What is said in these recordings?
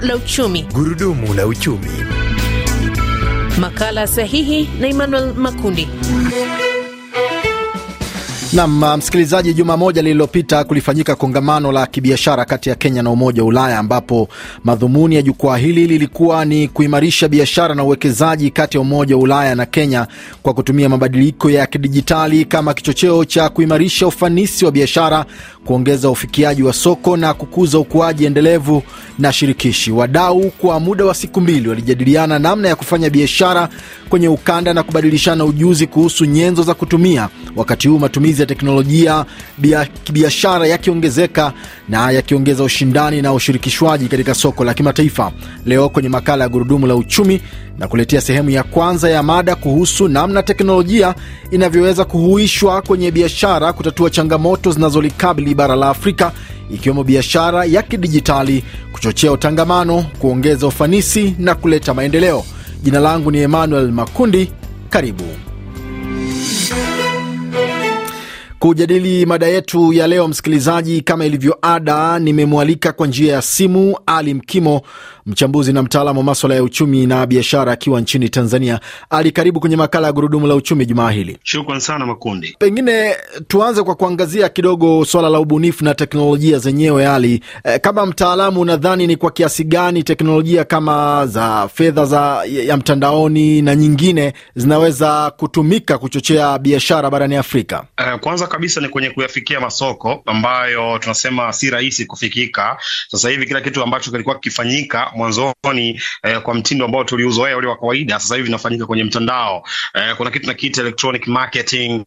la uchumi. Gurudumu la uchumi. Makala sahihi na Emmanuel Makundi. Nam uh, msikilizaji, juma moja lililopita kulifanyika kongamano la kibiashara kati ya Kenya na Umoja wa Ulaya, ambapo madhumuni ya jukwaa hili lilikuwa ni kuimarisha biashara na uwekezaji kati ya Umoja wa Ulaya na Kenya kwa kutumia mabadiliko ya kidijitali kama kichocheo cha kuimarisha ufanisi wa biashara, kuongeza ufikiaji wa soko na kukuza ukuaji endelevu na shirikishi. Wadau kwa muda wa siku mbili walijadiliana namna ya kufanya biashara kwenye ukanda na kubadilishana ujuzi kuhusu nyenzo za kutumia, wakati huu matumizi ya teknolojia kibiashara yakiongezeka na yakiongeza ushindani na ushirikishwaji katika soko la kimataifa. Leo kwenye makala ya Gurudumu la Uchumi na kuletea sehemu ya kwanza ya mada kuhusu namna teknolojia inavyoweza kuhuishwa kwenye biashara kutatua changamoto zinazolikabili bara la Afrika, ikiwemo biashara ya kidijitali, kuchochea utangamano, kuongeza ufanisi na kuleta maendeleo. Jina langu ni Emmanuel Makundi, karibu. Kujadili mada yetu ya leo, msikilizaji, kama ilivyo ada, nimemwalika kwa njia ya simu Ali Mkimo, mchambuzi na mtaalamu wa maswala ya uchumi na biashara, akiwa nchini Tanzania. Ali, karibu kwenye makala ya gurudumu la uchumi jumaa hili. Shukran sana Makundi. Pengine tuanze kwa kuangazia kidogo swala la ubunifu na teknolojia zenyewe. Ali, eh, kama mtaalamu, unadhani ni kwa kiasi gani teknolojia kama za fedha za ya mtandaoni na nyingine zinaweza kutumika kuchochea biashara barani Afrika? Uh, kwanza kabisa ni kwenye kuyafikia masoko ambayo tunasema si rahisi kufikika. Sasa hivi kila kitu ambacho kilikuwa kikifanyika mwanzoni eh, kwa mtindo ambao tuliuzoea ule wa kawaida, sasa hivi vinafanyika kwenye mtandao. Eh, kuna kitu nakiita electronic marketing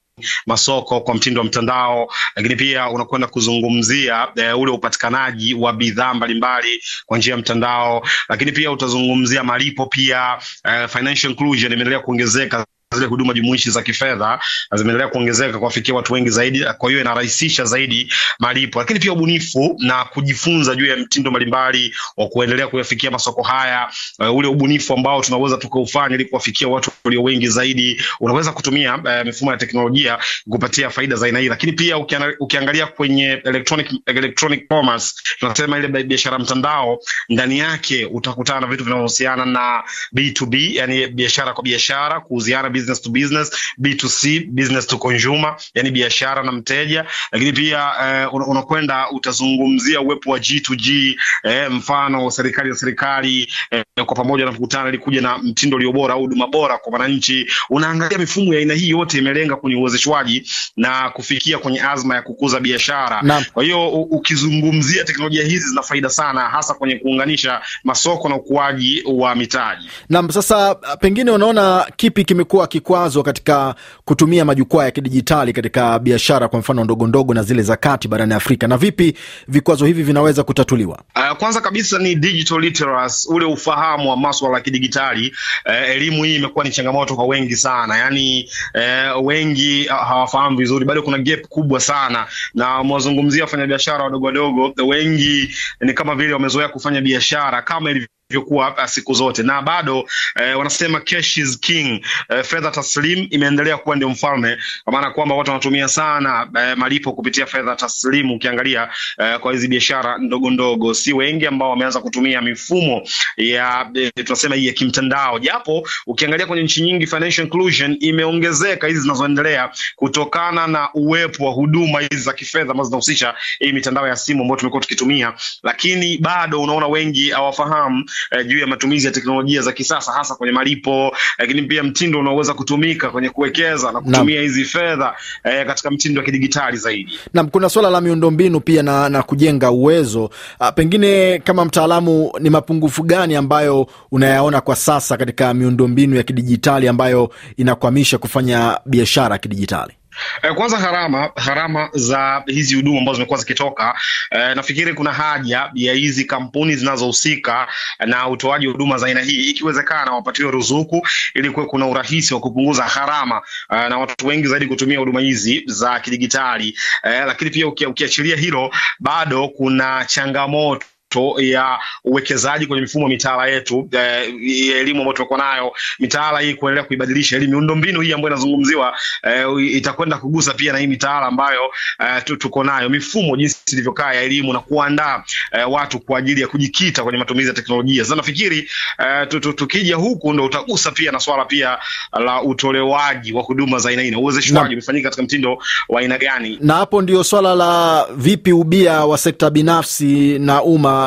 masoko kwa mtindo wa mtandao, lakini pia unakwenda kuzungumzia e, ule upatikanaji wa bidhaa mbalimbali kwa njia ya mtandao, lakini pia utazungumzia malipo pia. E, financial inclusion imeendelea kuongezeka zile huduma jumuishi za kifedha zimeendelea kuongezeka kuwafikia watu wengi zaidi, kwa hiyo inarahisisha zaidi malipo, lakini pia ubunifu na kujifunza juu ya mtindo mbalimbali wa kuendelea kuyafikia masoko haya. Uh, ule ubunifu ambao tunaweza tukaufanya ili kuwafikia watu walio wengi zaidi, unaweza kutumia uh, mifumo ya teknolojia kupatia faida za aina hii, lakini pia ukiangalia kwenye electronic, electronic commerce tunasema ile biashara mtandao, ndani yake utakutana na vitu vinavyohusiana na B2B, yani biashara kwa biashara, kuuziana business to business, B2C, business to consumer, yani biashara na mteja, lakini pia eh, unakwenda utazungumzia uwepo wa G2G eh, mfano serikali na serikali eh, kwa pamoja mkutano ili kuja na mtindo ulio bora au huduma bora kwa wananchi. Unaangalia mifumo ya aina hii yote imelenga kwenye uwezeshwaji na kufikia kwenye azma ya kukuza biashara. Kwa hiyo ukizungumzia teknolojia hizi zina faida sana, hasa kwenye kuunganisha masoko na ukuaji wa mitaji. Naam, sasa pengine unaona kipi kimekuwa kikwazo katika kutumia majukwaa ya kidijitali katika biashara kwa mfano ndogo ndogo na zile za kati barani Afrika, na vipi vikwazo hivi vinaweza kutatuliwa? Uh, kwanza kabisa ni digital literacy, ule ufahamu wa maswala ya kidijitali. Uh, elimu hii imekuwa ni changamoto kwa wengi sana, yani uh, eh, wengi ah, hawafahamu vizuri, bado kuna gap kubwa sana, na mwazungumzia wafanyabiashara wadogo wadogo, wengi ni kama vile wamezoea kufanya biashara kama ilivyo ilivyokuwa siku zote, na bado eh, wanasema cash is king. Eh, fedha taslim imeendelea kuwa ndio mfalme, kwa maana kwamba watu wanatumia sana eh, malipo kupitia fedha taslim. Ukiangalia eh, kwa hizi biashara ndogo ndogo, si wengi ambao wameanza kutumia mifumo ya eh, tunasema hii ya kimtandao, japo ukiangalia kwenye nchi nyingi financial inclusion imeongezeka hizi zinazoendelea kutokana na uwepo wa huduma hizi za kifedha ambazo zinahusisha hii mitandao ya simu ambayo tumekuwa tukitumia, lakini bado unaona wengi hawafahamu eh, juu ya matumizi ya teknolojia za kisasa hasa kwenye malipo, lakini pia mtindo unaoweza kutumika kwenye kuwekeza na kutumia hizi fedha eh, katika mtindo wa kidigitali zaidi. Naam, kuna swala la miundombinu pia na, na kujenga uwezo a, ah, pengine kama mtaalamu, ni mapungufu gani ambayo unayaona kwa sasa katika miundombinu ya kidijitali ambayo inakwamisha kufanya biashara kidijitali? Eh, kwanza gharama gharama za hizi huduma ambazo zimekuwa zikitoka, eh, nafikiri kuna haja ya hizi kampuni zinazohusika eh, na utoaji huduma za aina hii, ikiwezekana wapatiwe ruzuku ili kuwe kuna urahisi wa kupunguza gharama eh, na watu wengi zaidi kutumia huduma hizi za kidigitali eh, lakini pia ukiachilia hilo bado kuna changamoto to ya uwekezaji kwenye mifumo mitaala yetu eh, ya elimu ambayo tunakuwa nayo mitaala hii, kuendelea kuibadilisha ili miundombinu hii ambayo inazungumziwa eh, itakwenda kugusa pia na hii mitaala ambayo eh, tuko nayo, mifumo jinsi ilivyokaa ya elimu na kuandaa eh, watu kwa ajili ya kujikita kwenye matumizi ya teknolojia. Sasa nafikiri eh, tukija huku ndo utagusa pia na swala pia la utolewaji wa huduma za aina aina, uwezeshwaji umefanyika katika mtindo wa aina gani, na hapo ndio swala la vipi ubia wa sekta binafsi na umma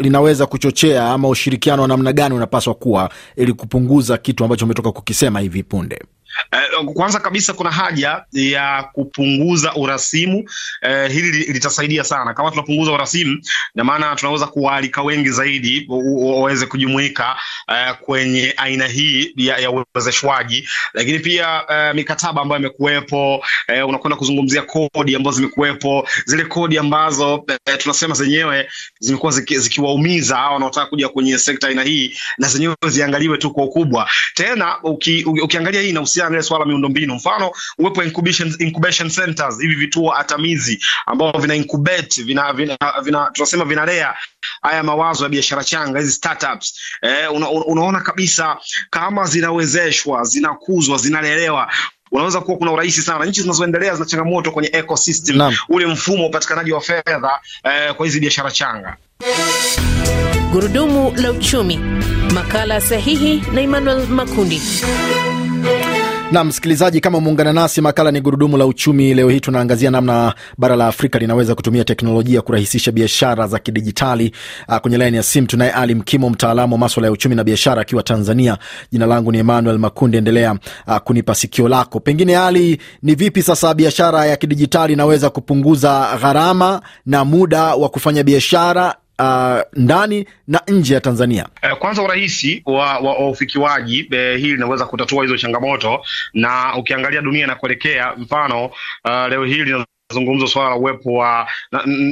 linaweza kuchochea ama ushirikiano wa namna gani unapaswa kuwa ili kupunguza kitu ambacho umetoka kukisema hivi punde? Eh, kwanza kabisa kuna haja ya kupunguza urasimu. eh, hili litasaidia sana kama tunapunguza urasimu, na maana tunaweza kuwaalika wengi zaidi waweze kujumuika eh, kwenye aina hii ya, ya uwezeshwaji. Lakini pia eh, mikataba ambayo imekuwepo, eh, unakwenda kuzungumzia kodi ambazo zimekuwepo, zile kodi ambazo eh, tunasema zenyewe zimekuwa zikiwaumiza ziki wanaotaka kuja kwenye sekta aina hii, na zenyewe ziangaliwe tu kwa ukubwa. Tena uki, uki, ukiangalia hii inahusiana kuhusiana na swala miundombinu, mfano uwepo incubation, incubation centers, hivi vituo atamizi ambao vina incubate vina, vina, vina tunasema vinalea haya mawazo ya biashara changa hizi startups eh, una, unaona kabisa kama zinawezeshwa, zinakuzwa, zinalelewa unaweza kuwa kuna urahisi sana. Nchi zinazoendelea zina changamoto kwenye ecosystem Nam. ule mfumo wa upatikanaji wa fedha eh, kwa hizi biashara changa. Gurudumu la Uchumi, makala sahihi na Emmanuel Makundi. Na msikilizaji, kama umeungana nasi, makala ni gurudumu la uchumi. Leo hii tunaangazia namna bara la Afrika linaweza kutumia teknolojia kurahisisha biashara za kidijitali. Ah, kwenye laini ya simu tunaye Ali Mkimo, mtaalamu wa maswala ya uchumi na biashara, akiwa Tanzania. Jina langu ni Emmanuel Makundi, endelea ah, kunipa sikio lako. Pengine Ali, ni vipi sasa biashara ya kidijitali inaweza kupunguza gharama na muda wa kufanya biashara Uh, ndani na nje ya Tanzania. Eh, kwanza urahisi wa, wa, wa ufikiwaji eh, hii linaweza kutatua hizo changamoto, na ukiangalia dunia inakuelekea, mfano uh, leo hili zungumzo swala la uwepo wa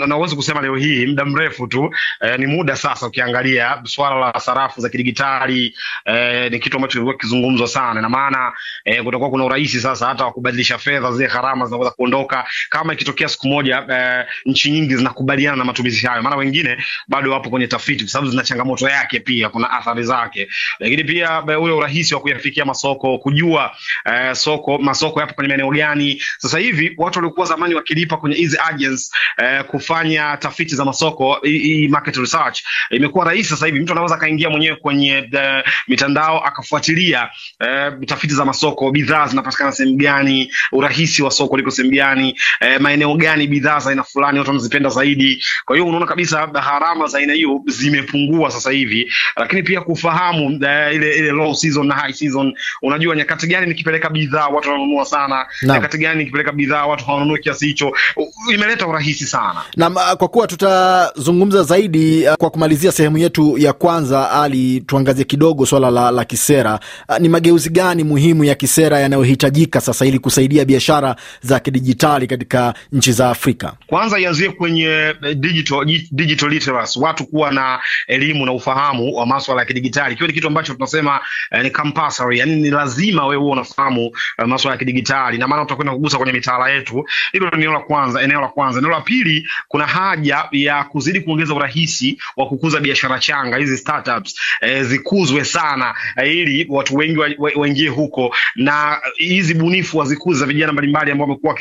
naweza na kusema leo hii muda mrefu tu eh, ni muda sasa. Ukiangalia swala la sarafu za kidigitali eh, ni kitu ambacho kilikuwa kizungumzwa sana, na maana eh, kutakuwa kuna urahisi sasa hata wa kubadilisha fedha, zile gharama zinaweza kuondoka kama ikitokea siku moja eh, nchi nyingi zinakubaliana na matumizi hayo, maana wengine bado wapo kwenye tafiti, kwa sababu zina changamoto yake, pia kuna athari zake, lakini pia eh, ule urahisi wa kuyafikia masoko, kujua eh, soko masoko yapo kwenye maeneo gani sasa hivi. Watu walikuwa zamani wa wakilipa kwenye hizi agents eh, kufanya tafiti za masoko hii market research imekuwa rahisi sasa hivi. Mtu anaweza akaingia mwenyewe kwenye the, eh, mitandao akafuatilia eh, tafiti za masoko, bidhaa zinapatikana sehemu gani, urahisi wa soko liko sehemu gani, eh, maeneo gani bidhaa za aina fulani watu wanazipenda zaidi. Kwa hiyo unaona kabisa gharama za aina hiyo zimepungua sasa hivi, lakini pia kufahamu eh, ile ile low season na high season, unajua nyakati gani nikipeleka bidhaa watu wanunua sana, nyakati gani nikipeleka bidhaa watu hawanunui kiasi hicho hicho imeleta urahisi sana. Na ah, kwa kuwa tutazungumza zaidi ah, kwa kumalizia sehemu yetu ya kwanza, Ali, tuangazie kidogo swala la, la kisera. Ah, ni mageuzi gani muhimu ya kisera yanayohitajika sasa ili kusaidia biashara za kidijitali katika nchi za Afrika? Kwanza ianzie kwenye eh, digital, digital literacy, watu kuwa na elimu na ufahamu wa maswala ya kidijitali, ikiwa ni kitu ambacho tunasema eh, ni compulsory, yani ni lazima wewe uwe unafahamu eh, maswala ya kidijitali na maana tutakwenda kugusa kwenye mitaala yetu hilo eneo la kwanza, eneo la kwanza. Eneo la pili, kuna haja ya kuzidi kuongeza urahisi wa kukuza biashara changa hizi startups, eh, zikuzwe sana eh, ili watu wengi waingie wa, wa huko na eh, hizi bunifu wazikuze za vijana mbalimbali ambao wamekuwa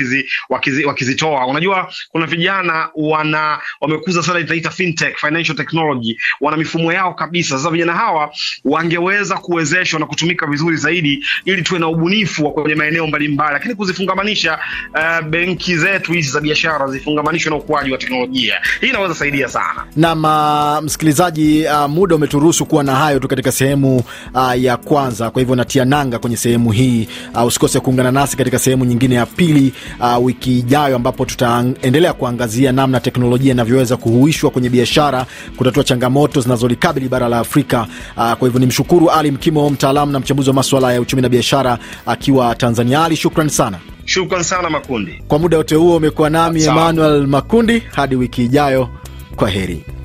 wakizi, wakizi, Unajua kuna vijana wana wamekuza sana itaita fintech, financial technology, wana mifumo yao kabisa. Sasa vijana hawa wangeweza kuwezeshwa na kutumika vizuri zaidi ili tuwe na ubunifu wa kwenye maeneo mbalimbali, lakini kuzifungamanisha uh, benki zetu zetu hizi za biashara zifungamanishwe na ukuaji wa teknolojia. Hii inaweza saidia sana. Naam, uh, msikilizaji, uh, muda umeturuhusu kuwa na hayo tu katika sehemu uh, ya kwanza. Kwa hivyo natia nanga kwenye sehemu hii. Uh, usikose kuungana nasi katika sehemu nyingine ya pili uh, wiki ijayo, ambapo tutaendelea kuangazia namna teknolojia inavyoweza kuhuishwa kwenye biashara kutatua changamoto zinazolikabili bara la Afrika. Uh, kwa hivyo nimshukuru Ali Mkimo, mtaalamu na mchambuzi wa maswala ya uchumi na biashara akiwa Tanzania. Ali, shukrani sana. Shukran sana Makundi. Kwa muda wote huo umekuwa nami Emmanuel Makundi, hadi wiki ijayo, kwa heri.